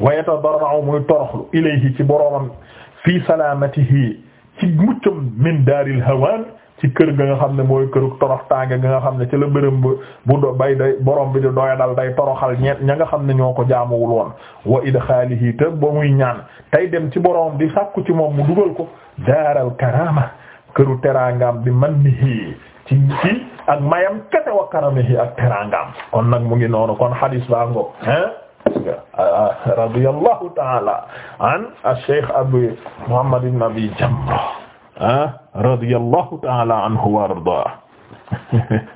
wayata daraau muy toroxlu ilayhi ci boroomam salaamati salaamatihi ci muccam min daaril hawaan ci kër ga nga xam ne mooy këru torox tànge ga nga xam ne ci la bërëm bu bu bay day borom bi di doyadal day toroxal ñeent ña nga xam ne ñoo ko jaamuwul woon wa idxaalihi te ba muy ñaan tey dem ci boroom di sàkku ci moom mu dugal ko daaral karama këru teraangaam bi man nihi ci ci ak mayam kese wa karamihi ak teraangaam kon nag mu ngi noonu kon hadis baa ngo radiyallahu ta'ala an ash-shaykh abu muhammad ibn abi jamra ah radiyallahu ta'ala anhu wa ardaah [laughs]